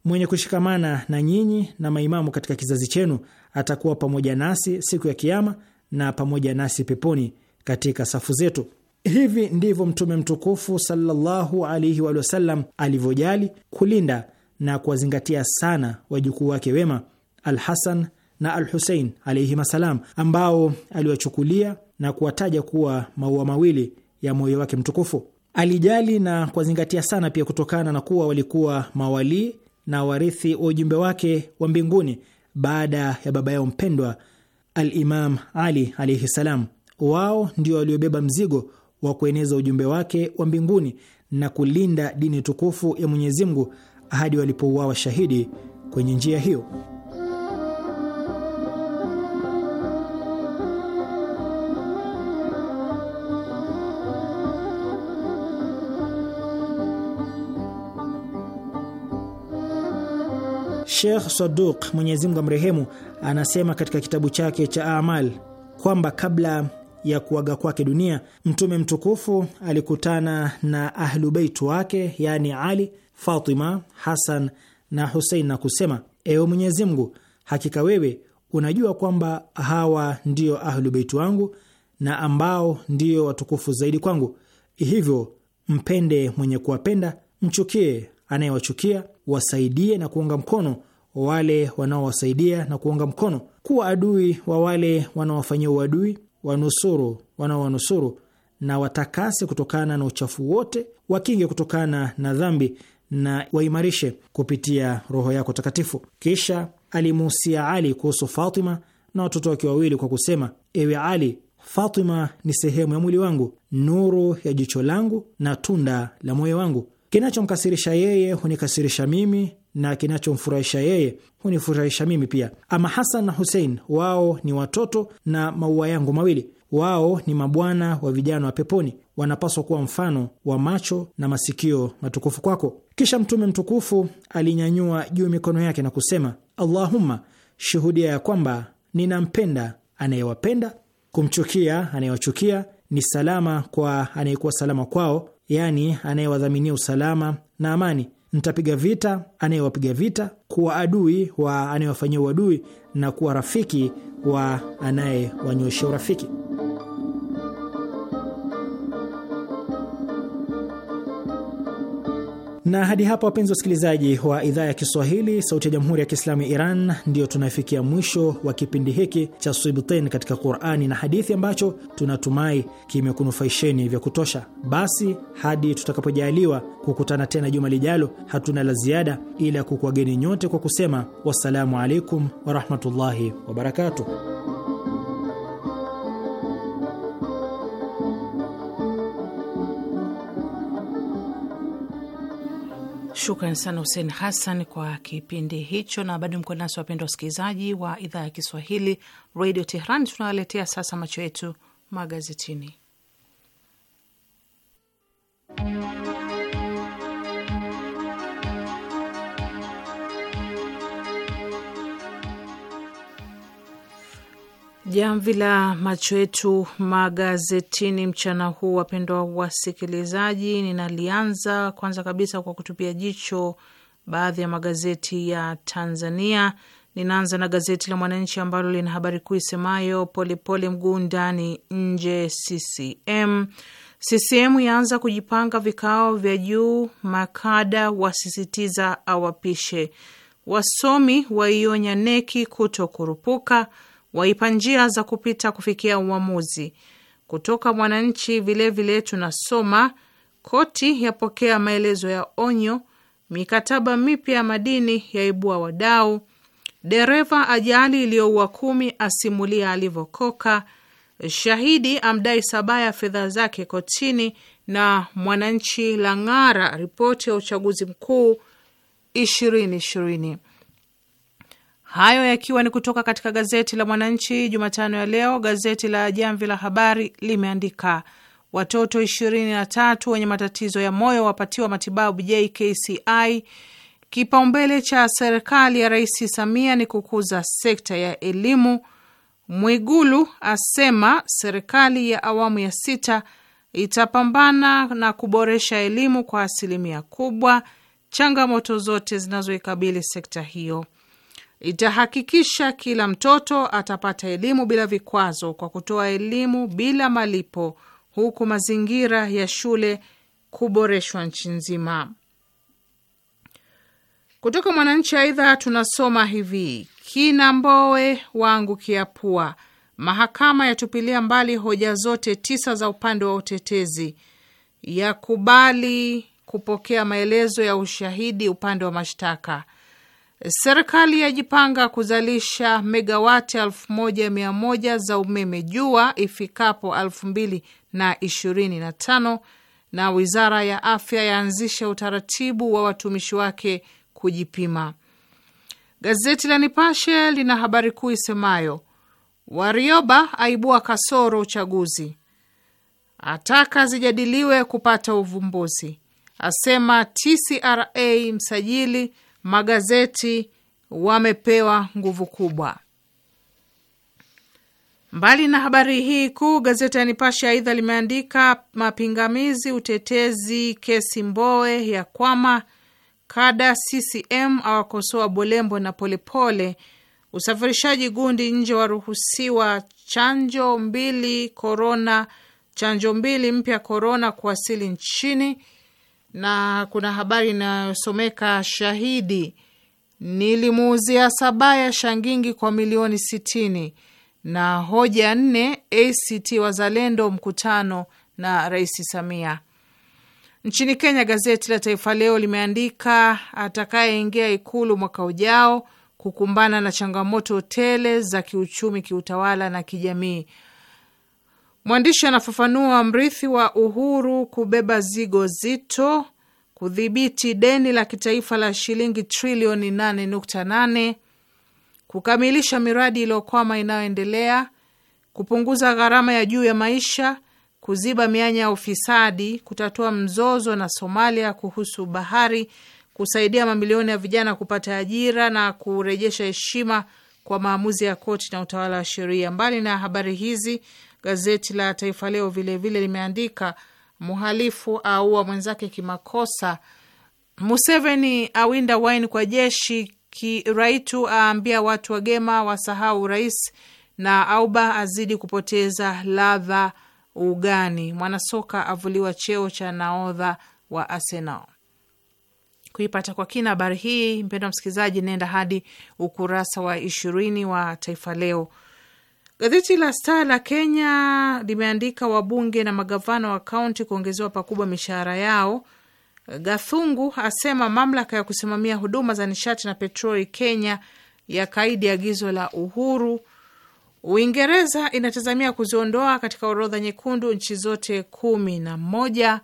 Mwenye kushikamana na nyinyi na maimamu katika kizazi chenu atakuwa pamoja nasi siku ya Kiama na pamoja nasi peponi katika safu zetu. Hivi ndivyo Mtume mtukufu sallallahu alaihi wasallam alivyojali kulinda na kuwazingatia sana wajukuu wake wema alhasan na Al Husein alaihim assalam, ambao aliwachukulia na kuwataja kuwa maua mawili ya moyo wake mtukufu. Alijali na kuwazingatia sana pia kutokana na kuwa walikuwa mawalii na warithi wa ujumbe wake wa mbinguni baada ya baba yao mpendwa alimam Ali alaihi salam. Wao ndio waliobeba mzigo wa kueneza ujumbe wake wa mbinguni na kulinda dini tukufu ya Mwenyezi Mungu hadi walipouawa shahidi kwenye njia hiyo. Sheikh Saduq Mwenyezi Mungu amrehemu, anasema katika kitabu chake cha Amal kwamba kabla ya kuaga kwake dunia, Mtume mtukufu alikutana na Ahlubeit wake, yaani Ali Fatima, Hasan na Husein na kusema, ewe Mwenyezi Mungu, hakika wewe unajua kwamba hawa ndio ahlu beiti wangu na ambao ndio watukufu zaidi kwangu, hivyo mpende mwenye kuwapenda, mchukie anayewachukia, wasaidie na kuunga mkono wale wanaowasaidia na kuunga mkono, kuwa adui wa wale wanaowafanyia uadui, wanusuru wanaowanusuru, na watakase kutokana na uchafu wote, wakinge kutokana na dhambi, na waimarishe kupitia Roho yako takatifu. Kisha alimuhusia Ali kuhusu Fatima na watoto wake wawili kwa kusema, ewe Ali, Fatima ni sehemu ya mwili wangu, nuru ya jicho langu na tunda la moyo wangu. Kinachomkasirisha yeye hunikasirisha mimi na kinachomfurahisha yeye hunifurahisha mimi pia. Ama Hasan na Husein, wao ni watoto na maua yangu mawili. Wao ni mabwana wa vijana wa peponi, wanapaswa kuwa mfano wa macho na masikio matukufu kwako. Kisha Mtume mtukufu alinyanyua juu mikono yake na kusema, Allahumma, shuhudia ya kwamba ninampenda anayewapenda, kumchukia anayewachukia, ni salama kwa anayekuwa salama kwao, yaani anayewadhaminia usalama na amani. ntapiga vita anayewapiga vita, kuwa adui wa anayewafanyia uadui, na kuwa rafiki wa anayewanyoshea urafiki. Na hadi hapa, wapenzi wasikilizaji wa idhaa ya Kiswahili, Sauti ya Jamhuri ya Kiislamu ya Iran, ndiyo tunafikia mwisho wa kipindi hiki cha Swibtain katika Qurani na Hadithi, ambacho tunatumai kimekunufaisheni vya kutosha. Basi hadi tutakapojaaliwa kukutana tena juma lijalo, hatuna la ziada ila kukuwageni nyote kwa kusema wassalamu alaikum warahmatullahi wabarakatuh. Shukran sana Hussein Hassan kwa kipindi hicho, na bado mko nasi wapendwa wasikilizaji wa idhaa ya Kiswahili Radio Tehran. Tunawaletea sasa macho yetu magazetini Jamvi la macho yetu magazetini mchana huu, wapendwa wasikilizaji, ninalianza kwanza kabisa kwa kutupia jicho baadhi ya magazeti ya Tanzania. Ninaanza na gazeti la Mwananchi ambalo lina habari kuu isemayo polepole mguu ndani nje CCM. CCM yaanza kujipanga vikao vya juu, makada wasisitiza awapishe, wasomi waionya neki kuto kurupuka waipa njia za kupita kufikia uamuzi. Kutoka Mwananchi vilevile tunasoma koti yapokea maelezo ya onyo, mikataba mipya ya madini yaibua wadau, dereva ajali iliyoua kumi asimulia alivyokoka, shahidi amdai Sabaya fedha zake kotini, na Mwananchi la ng'ara ripoti ya uchaguzi mkuu ishirini ishirini. Hayo yakiwa ni kutoka katika gazeti la Mwananchi Jumatano ya leo. Gazeti la Jamvi la Habari limeandika watoto ishirini na tatu wenye matatizo ya moyo wapatiwa matibabu JKCI. Kipaumbele cha serikali ya Rais Samia ni kukuza sekta ya elimu. Mwigulu asema serikali ya awamu ya sita itapambana na kuboresha elimu kwa asilimia kubwa, changamoto zote zinazoikabili sekta hiyo itahakikisha kila mtoto atapata elimu bila vikwazo kwa kutoa elimu bila malipo, huku mazingira ya shule kuboreshwa nchi nzima. Kutoka Mwananchi aidha tunasoma hivi: kina Mbowe wangu kiapua mahakama yatupilia mbali hoja zote tisa za upande wa utetezi, yakubali kupokea maelezo ya ushahidi upande wa mashtaka Serikali yajipanga kuzalisha megawati elfu moja mia moja za umeme jua ifikapo elfu mbili na ishirini na tano na wizara ya afya yaanzisha utaratibu wa watumishi wake kujipima. Gazeti la Nipashe lina habari kuu isemayo Warioba aibua kasoro uchaguzi, ataka zijadiliwe kupata uvumbuzi, asema TCRA msajili magazeti wamepewa nguvu kubwa. Mbali na habari hii kuu, gazeti ya Nipashe aidha limeandika mapingamizi utetezi kesi Mbowe ya kwama, kada CCM awakosoa Bolembo na Polepole, usafirishaji gundi nje waruhusiwa, chanjo mbili korona, chanjo mbili mpya korona kuwasili nchini na kuna habari inayosomeka shahidi, nilimuuzia Sabaya shangingi kwa milioni sitini na hoja nne ACT Wazalendo mkutano na Rais Samia. Nchini Kenya, gazeti la Taifa Leo limeandika atakayeingia Ikulu mwaka ujao kukumbana na changamoto tele za kiuchumi, kiutawala na kijamii. Mwandishi anafafanua mrithi wa uhuru kubeba zigo zito, kudhibiti deni la kitaifa la shilingi trilioni 8.8, kukamilisha miradi iliyokwama inayoendelea, kupunguza gharama ya juu ya maisha, kuziba mianya ya ufisadi, kutatua mzozo na Somalia kuhusu bahari, kusaidia mamilioni ya vijana kupata ajira na kurejesha heshima kwa maamuzi ya koti na utawala wa sheria. Mbali na habari hizi, Gazeti la Taifa Leo vilevile vile limeandika mhalifu aua mwenzake kimakosa, Museveni awinda waini kwa jeshi, Kiraitu aambia watu wagema wasahau rais, na Auba azidi kupoteza ladha ugani, mwanasoka avuliwa cheo cha naodha wa Arsenal. Kuipata kwa kina habari hii, mpendwa msikilizaji, nenda hadi ukurasa wa ishirini wa Taifa Leo Gazeti la Star la Kenya limeandika wabunge na magavana wa kaunti kuongezewa pakubwa mishahara yao. Gathungu asema mamlaka ya kusimamia huduma za nishati na petroli Kenya ya kaidi agizo la Uhuru. Uingereza inatazamia kuziondoa katika orodha nyekundu nchi zote kumi na moja.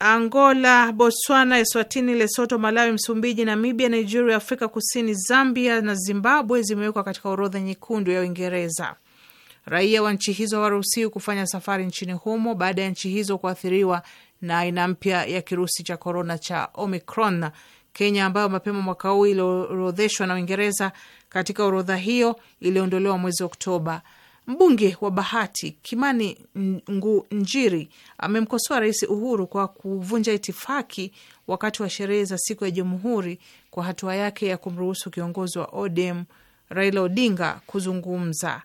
Angola, Botswana, Eswatini, Lesoto, Malawi, Msumbiji, Namibia, Nigeria, Afrika Kusini, Zambia na Zimbabwe zimewekwa katika orodha nyekundu ya Uingereza. Raia wa nchi hizo hawaruhusiwi kufanya safari nchini humo baada ya nchi hizo kuathiriwa na aina mpya ya kirusi cha korona cha Omicron. Kenya, ambayo mapema mwaka huu iliorodheshwa na Uingereza katika orodha hiyo, iliondolewa mwezi Oktoba. Mbunge wa Bahati Kimani ngu njiri amemkosoa Rais Uhuru kwa kuvunja itifaki wakati wa sherehe za siku ya Jamhuri kwa hatua yake ya kumruhusu kiongozi wa ODM Raila Odinga kuzungumza.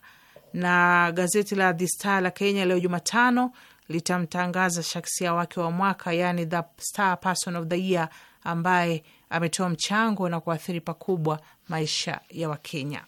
Na gazeti la The Star la Kenya leo Jumatano litamtangaza shaksia wake wa mwaka, yani the star person of the year, ambaye ametoa mchango na kuathiri pakubwa maisha ya Wakenya.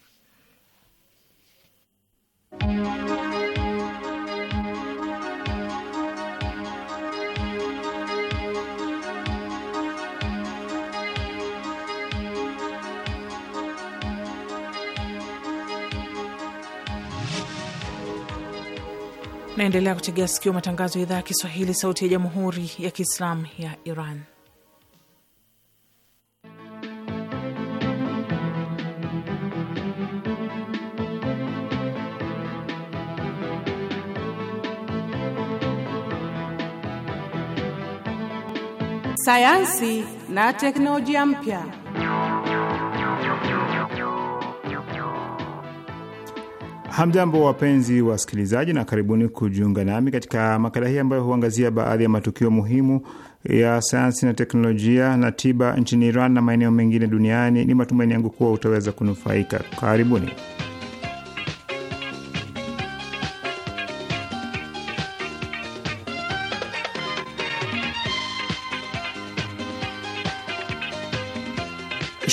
Naendelea kutegea sikio matangazo ya idhaa ya Kiswahili, sauti ya jamhuri ya kiislamu ya Iran. sayansi na teknolojia mpya. Hamjambo, wapenzi wasikilizaji, na karibuni kujiunga nami katika makala hii ambayo huangazia baadhi ya matukio muhimu ya sayansi na teknolojia na tiba nchini Iran na maeneo mengine duniani. Ni matumaini yangu kuwa utaweza kunufaika. Karibuni.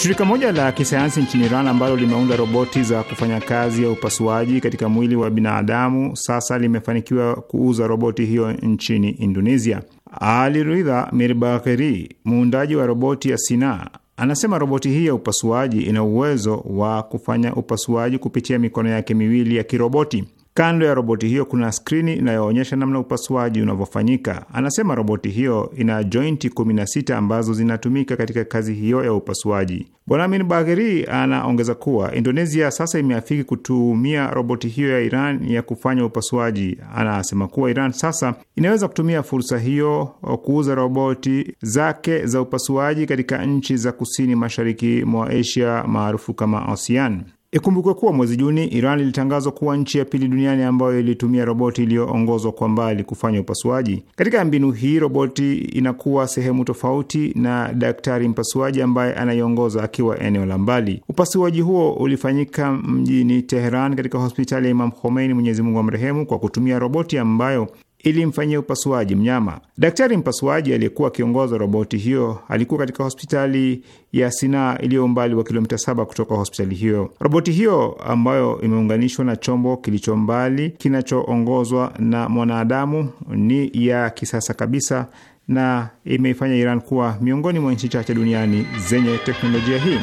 Shirika moja la kisayansi nchini Iran ambalo limeunda roboti za kufanya kazi ya upasuaji katika mwili wa binadamu sasa limefanikiwa kuuza roboti hiyo nchini Indonesia. Ali Ridha Mirbagheri, muundaji wa roboti ya Sina, anasema roboti hii ya upasuaji ina uwezo wa kufanya upasuaji kupitia mikono yake miwili ya kiroboti. Kando ya roboti hiyo kuna skrini inayoonyesha namna upasuaji unavyofanyika. Anasema roboti hiyo ina jointi 16 ambazo zinatumika katika kazi hiyo ya upasuaji. Bwana Amin Bagheri anaongeza kuwa Indonesia sasa imeafiki kutumia roboti hiyo ya Iran ya kufanya upasuaji. Anasema kuwa Iran sasa inaweza kutumia fursa hiyo kuuza roboti zake za upasuaji katika nchi za kusini mashariki mwa Asia maarufu kama ASEAN. Ikumbukwe kuwa mwezi Juni Iran ilitangazwa kuwa nchi ya pili duniani ambayo ilitumia roboti iliyoongozwa kwa mbali kufanya upasuaji. Katika mbinu hii, roboti inakuwa sehemu tofauti na daktari mpasuaji ambaye anaiongoza akiwa eneo la mbali. Upasuaji huo ulifanyika mjini Teheran katika hospitali ya Imam Khomeini, Mwenyezi Mungu amrehemu, kwa kutumia roboti ambayo ilimfanyia upasuaji mnyama. Daktari mpasuaji aliyekuwa akiongoza roboti hiyo alikuwa katika hospitali ya Sinaa iliyo umbali wa kilomita saba kutoka hospitali hiyo. Roboti hiyo ambayo imeunganishwa na chombo kilicho mbali kinachoongozwa na mwanadamu ni ya kisasa kabisa na imeifanya Iran kuwa miongoni mwa nchi chache duniani zenye teknolojia hii.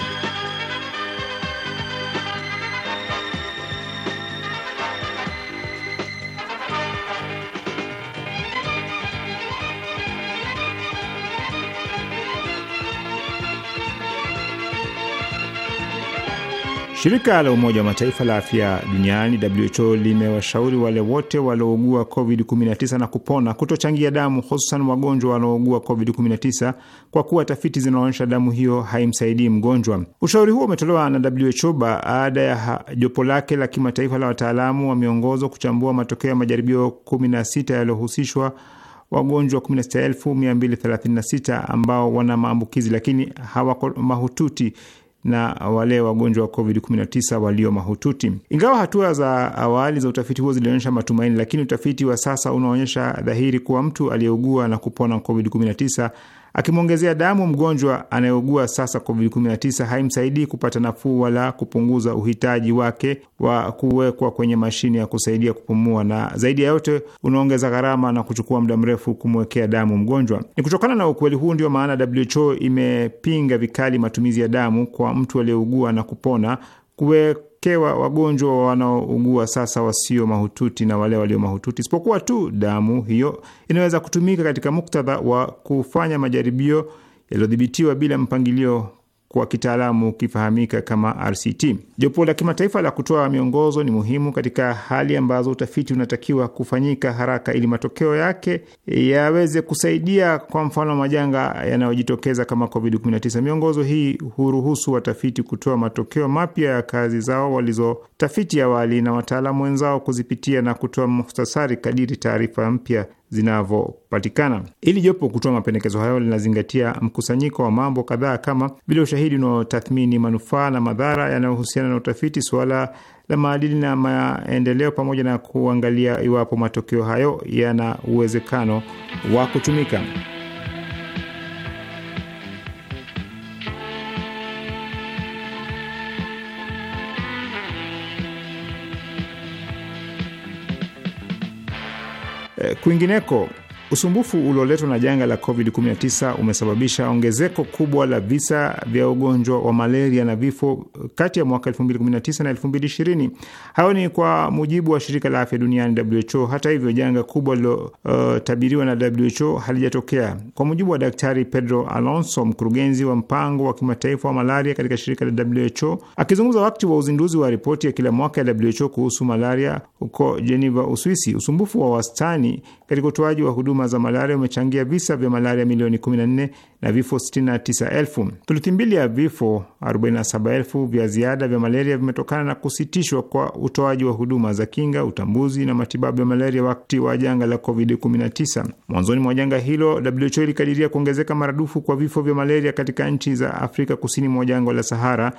Shirika la Umoja wa Mataifa la afya duniani WHO limewashauri wale wote waliougua COVID-19 na kupona kutochangia damu, hususan wagonjwa wanaougua COVID-19 kwa kuwa tafiti zinaonyesha damu hiyo haimsaidii mgonjwa. Ushauri huo umetolewa na WHO baada ya jopo lake la kimataifa la wataalamu wa miongozo kuchambua matokeo ya majaribio 16 yaliyohusishwa wagonjwa 16236 ambao wana maambukizi lakini hawako mahututi na wale wagonjwa wa COVID-19 walio mahututi. Ingawa hatua za awali za utafiti huo zilionyesha matumaini, lakini utafiti wa sasa unaonyesha dhahiri kuwa mtu aliyeugua na kupona COVID-19 Akimwongezea, damu mgonjwa anayeugua sasa COVID-19 haimsaidii kupata nafuu wala kupunguza uhitaji wake wa kuwekwa kwenye mashine ya kusaidia kupumua, na zaidi ya yote unaongeza gharama na kuchukua muda mrefu kumwekea damu mgonjwa. Ni kutokana na ukweli huu ndio maana WHO imepinga vikali matumizi ya damu kwa mtu aliyeugua na kupona kuwe kukewa wagonjwa wanaougua sasa wasio mahututi na wale walio mahututi, isipokuwa tu damu hiyo inaweza kutumika katika muktadha wa kufanya majaribio yaliyodhibitiwa bila mpangilio kwa kitaalamu kifahamika kama RCT. Jopo la kimataifa la kutoa miongozo ni muhimu katika hali ambazo utafiti unatakiwa kufanyika haraka ili matokeo yake yaweze kusaidia, kwa mfano majanga yanayojitokeza kama COVID-19. Miongozo hii huruhusu watafiti kutoa matokeo mapya ya kazi zao walizotafiti awali na wataalamu wenzao kuzipitia na kutoa muhtasari kadiri taarifa mpya zinavyopatikana. Ili jopo kutoa mapendekezo hayo linazingatia mkusanyiko wa mambo kadhaa kama vile ushahidi unaotathmini manufaa na madhara yanayohusiana na utafiti, suala la maadili na maendeleo, pamoja na kuangalia iwapo matokeo hayo yana uwezekano wa kutumika. Eh, kwingineko Usumbufu ulioletwa na janga la COVID-19 umesababisha ongezeko kubwa la visa vya ugonjwa wa malaria na vifo kati ya mwaka 2019 na 2020. Hayo ni kwa mujibu wa shirika la afya duniani WHO. Hata hivyo, janga kubwa lilotabiriwa uh, na WHO halijatokea. Kwa mujibu wa Daktari Pedro Alonso, mkurugenzi wa mpango wa kimataifa wa malaria katika shirika la WHO, akizungumza wakati wa uzinduzi wa ripoti ya kila mwaka ya WHO kuhusu malaria huko Geneva, Uswisi, usumbufu wa wastani katika utoaji wa huduma za malaria umechangia visa vya malaria milioni 14 na vifo 69,000. Thuluthi mbili ya vifo 47,000 vya ziada vya malaria vimetokana na kusitishwa kwa utoaji wa huduma za kinga, utambuzi na matibabu ya malaria wakati wa janga la COVID-19. Mwanzoni mwa janga hilo, WHO ilikadiria kuongezeka maradufu kwa vifo vya malaria katika nchi za Afrika kusini mwa jangwa la Sahara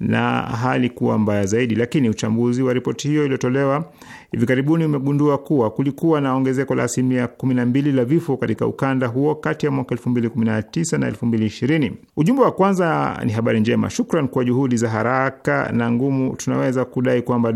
na hali kuwa mbaya zaidi. Lakini uchambuzi wa ripoti hiyo iliyotolewa hivi karibuni umegundua kuwa kulikuwa na ongezeko la asilimia 12 la vifo katika ukanda huo kati ya mwaka 2019 na 2020. Ujumbe wa kwanza ni habari njema. Shukran kwa juhudi za haraka na ngumu, tunaweza kudai kwamba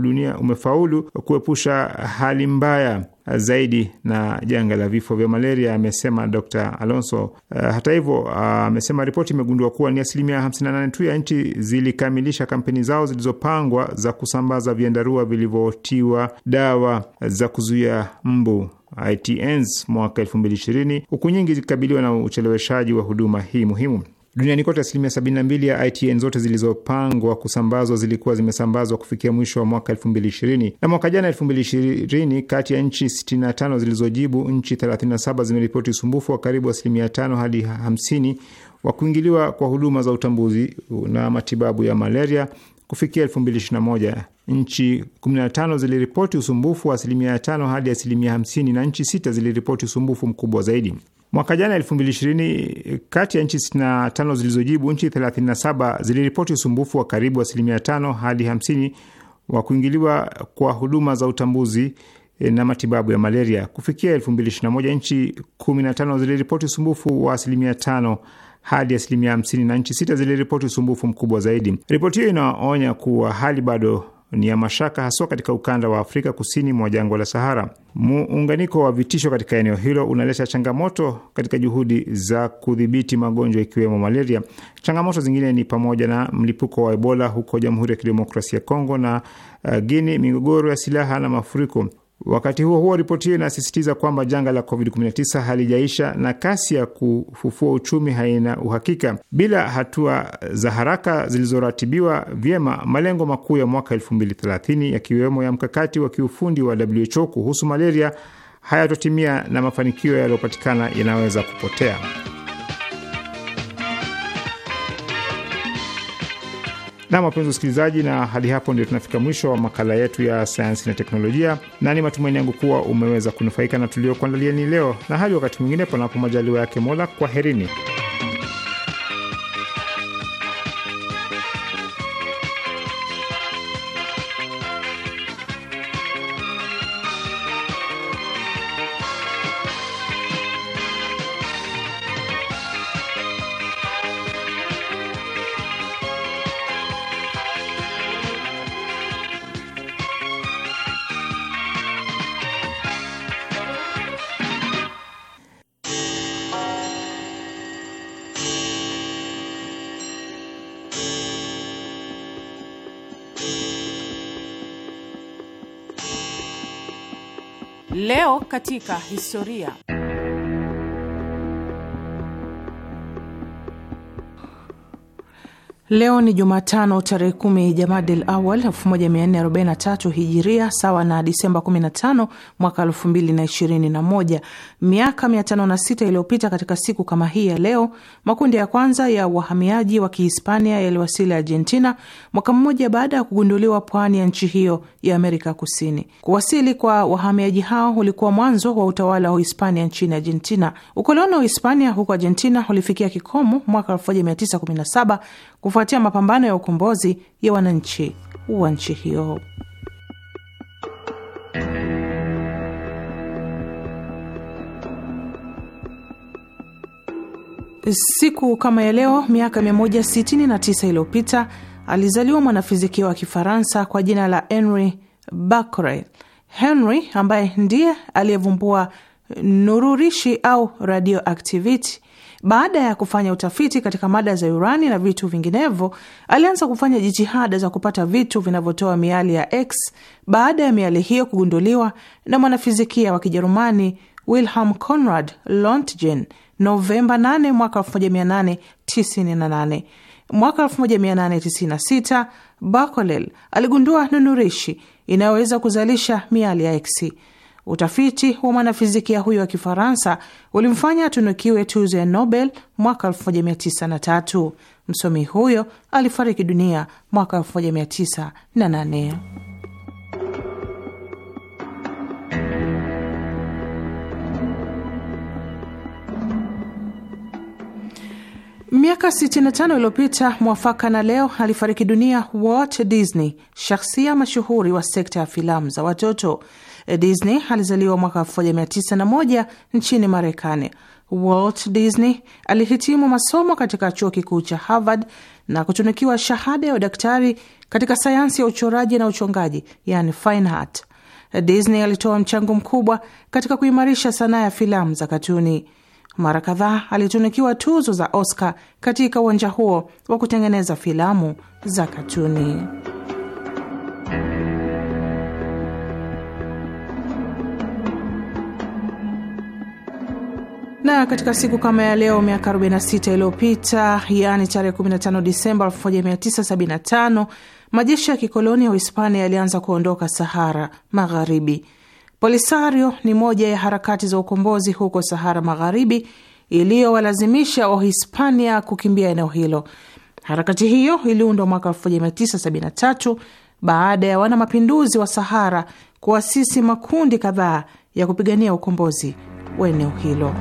dunia umefaulu kuepusha hali mbaya zaidi na janga la vifo vya malaria, amesema Dr Alonso. Uh, hata hivyo ah, amesema ripoti imegundua kuwa ni asilimia 58 tu ya nchi zilikamilisha kampeni zao zilizopangwa za kusambaza viandarua vilivyotiwa dawa za kuzuia mbu ITNs mwaka 2020 huku nyingi zikikabiliwa na ucheleweshaji wa huduma hii muhimu. Duniani kote asilimia 72 ya ITN zote zilizopangwa kusambazwa zilikuwa zimesambazwa kufikia mwisho wa mwaka 2020. Na mwaka jana 2020, kati ya nchi 65 zilizojibu, nchi 37 zimeripoti usumbufu wa karibu asilimia 5 hadi 50 wa kuingiliwa kwa huduma za utambuzi na matibabu ya malaria. Kufikia 2021, nchi 15 ziliripoti usumbufu wa asilimia 5 hadi asilimia 50 na nchi sita ziliripoti usumbufu mkubwa zaidi. Mwaka jana 2020, kati ya nchi 65 zilizojibu, nchi 37 ziliripoti usumbufu wa karibu asilimia 5 hadi 50 wa kuingiliwa kwa huduma za utambuzi eh, na matibabu ya malaria. Kufikia 2021, nchi 15 ziliripoti usumbufu wa asilimia 5 hadi asilimia 50 na nchi sita ziliripoti usumbufu mkubwa zaidi. Ripoti hiyo inaonya kuwa hali bado ni ya mashaka haswa katika ukanda wa Afrika kusini mwa jangwa la Sahara. Muunganiko wa vitisho katika eneo hilo unaleta changamoto katika juhudi za kudhibiti magonjwa ikiwemo malaria. Changamoto zingine ni pamoja na mlipuko wa Ebola huko Jamhuri ya Kidemokrasia ya Kongo na uh, eh, Guini, migogoro ya silaha na mafuriko. Wakati huo huo, ripoti hiyo inasisitiza kwamba janga la COVID-19 halijaisha na kasi ya kufufua uchumi haina uhakika. Bila hatua za haraka zilizoratibiwa vyema, malengo makuu ya mwaka 2030 yakiwemo ya mkakati wa kiufundi wa WHO kuhusu malaria hayatotimia na mafanikio yaliyopatikana yanaweza kupotea. Na wapenzi wasikilizaji, na hadi hapo ndio tunafika mwisho wa makala yetu ya sayansi na teknolojia, na ni matumaini yangu kuwa umeweza kunufaika na ni leo, na hadi wakati mwingine, panapo majaliwa yake Mola, kwaherini. katika historia. Leo ni Jumatano tarehe kumi Jamadil Awal 1443 Hijiria, sawa na Disemba 15 mwaka 2021. Miaka 506 iliyopita katika siku kama hii ya leo, makundi ya kwanza ya wahamiaji wa Kihispania yaliwasili Argentina mwaka mmoja baada ya kugunduliwa pwani ya nchi hiyo ya Amerika Kusini. Kuwasili kwa wahamiaji hao ulikuwa mwanzo wa utawala wa Uhispania nchini Argentina. Ukoloni wa Uhispania huko Argentina ulifikia kikomo mwaka 1917 kufuatia mapambano ya ukombozi ya wananchi wa nchi hiyo. Siku kama ya leo miaka 169 iliyopita alizaliwa mwanafizikia wa Kifaransa kwa jina la Henry Becquerel. Henry ambaye ndiye aliyevumbua nururishi au radioactivity baada ya kufanya utafiti katika mada za urani na vitu vinginevyo, alianza kufanya jitihada za kupata vitu vinavyotoa miali ya X baada ya miali hiyo kugunduliwa na mwanafizikia wa Kijerumani Wilhelm Conrad Lontgen Novemba 8 mwaka 1898. Mwaka 1896 Bacolel aligundua nunurishi inayoweza kuzalisha miali ya eksi. Utafiti wa mwanafizikia huyo wa Kifaransa ulimfanya atunukiwe tuzo ya Nobel mwaka 1903. Msomi huyo alifariki dunia mwaka 1908. Miaka 65 iliyopita mwafaka na leo alifariki dunia Walt Disney, shakhsia mashuhuri wa sekta ya filamu za watoto. Eh, Disney alizaliwa mwaka 1901 nchini Marekani. Walt Disney alihitimu masomo katika chuo kikuu cha Harvard na kutunukiwa shahada ya udaktari katika sayansi ya uchoraji na uchongaji, yani fine art. Eh, Disney alitoa mchango mkubwa katika kuimarisha sanaa ya filamu za katuni. Mara kadhaa alitunukiwa tuzo za Oscar katika uwanja huo wa kutengeneza filamu za katuni. Na katika siku kama ya leo miaka 46 iliyopita, yaani tarehe 15 Disemba 1975, majeshi ya kikoloni ya Uhispania yalianza kuondoka Sahara Magharibi. Polisario ni moja ya harakati za ukombozi huko Sahara Magharibi iliyowalazimisha Wahispania kukimbia eneo hilo. Harakati hiyo iliundwa mwaka 1973 baada ya wanamapinduzi wa Sahara kuasisi makundi kadhaa ya kupigania ukombozi wa eneo hilo.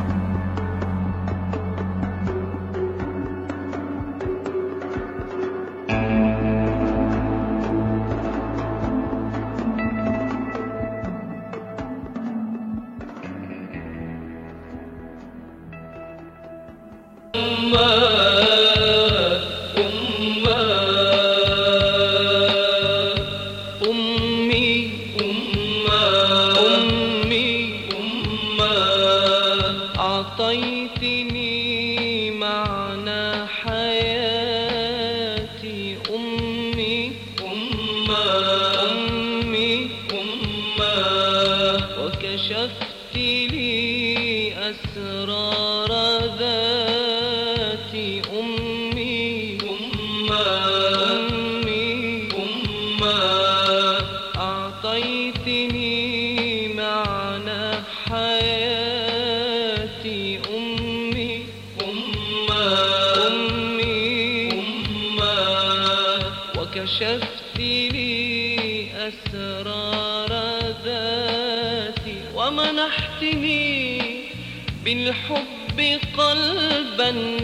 بالحب قلبا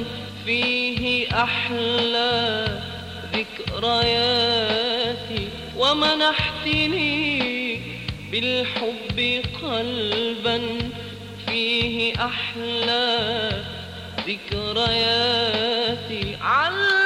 فيه أحلى ذكرياتي ومنحتني بالحب قلبا فيه أحلى ذكرياتي على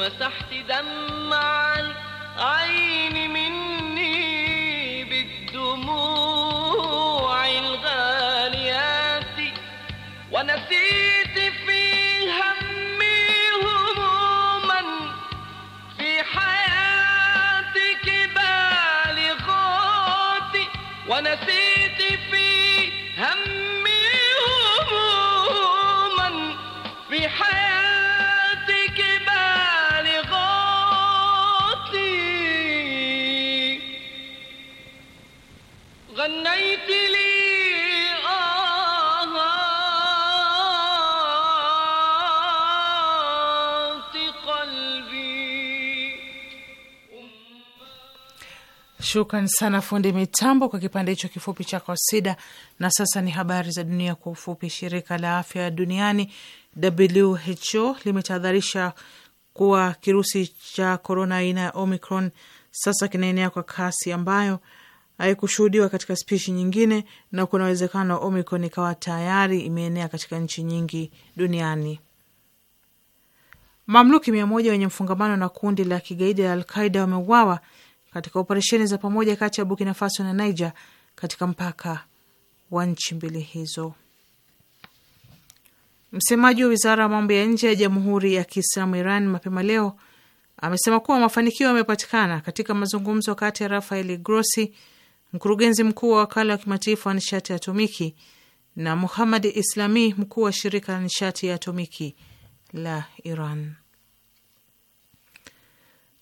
ومسحت دمع عيني من Shukran sana fundi mitambo kwa kipande hicho kifupi cha kasida. Na sasa ni habari za dunia kwa ufupi. Shirika la afya duniani WHO limetahadharisha kuwa kirusi cha korona aina ya Omicron sasa kinaenea kwa kasi ambayo haikushuhudiwa katika spishi nyingine, na kuna uwezekano Omicron ikawa tayari imeenea katika nchi nyingi duniani. Mamluki mia moja wenye mfungamano na kundi la kigaidi la Alqaida wameuawa katika operesheni za pamoja kati ya Burkina Faso na Niger katika mpaka wa nchi mbili hizo. Msemaji wa wizara ya mambo ya nje ya Jamhuri ya Kiislamu Iran mapema leo amesema kuwa mafanikio yamepatikana katika mazungumzo kati ya Rafael Grossi, mkurugenzi mkuu wa wakala wa kimataifa wa nishati ya atomiki na Muhammad Islami, mkuu wa shirika la nishati ya atomiki la Iran.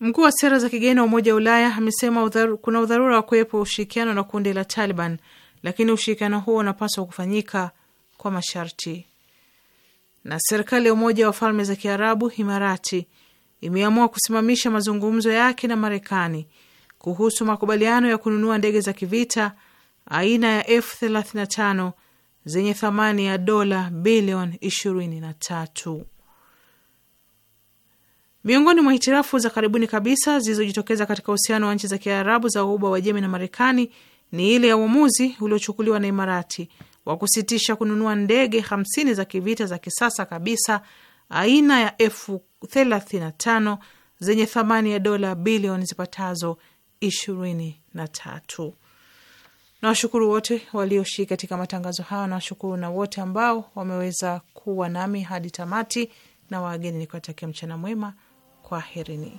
Mkuu wa sera za kigeni wa Umoja wa Ulaya amesema udharu, kuna udharura wa kuwepo ushirikiano na kundi la Taliban, lakini ushirikiano huo unapaswa kufanyika kwa masharti. Na serikali ya Umoja wa Falme za Kiarabu Imarati imeamua kusimamisha mazungumzo yake na Marekani kuhusu makubaliano ya kununua ndege za kivita aina ya F35 zenye thamani ya dola bilioni 23. Miongoni mwa hitirafu za karibuni kabisa zilizojitokeza katika uhusiano wa nchi za Kiarabu za Ghuba wa Jemi na Marekani ni ile ya uamuzi uliochukuliwa na Imarati wa kusitisha kununua ndege 50 za kivita za kisasa kabisa aina ya F35 zenye thamani ya dola bilioni zipatazo 23. Nawashukuru wote walioshiriki katika matangazo hayo, nawashukuru na wote ambao wameweza kuwa nami hadi tamati, na wageni nikiwatakia mchana mwema. Kwaherini.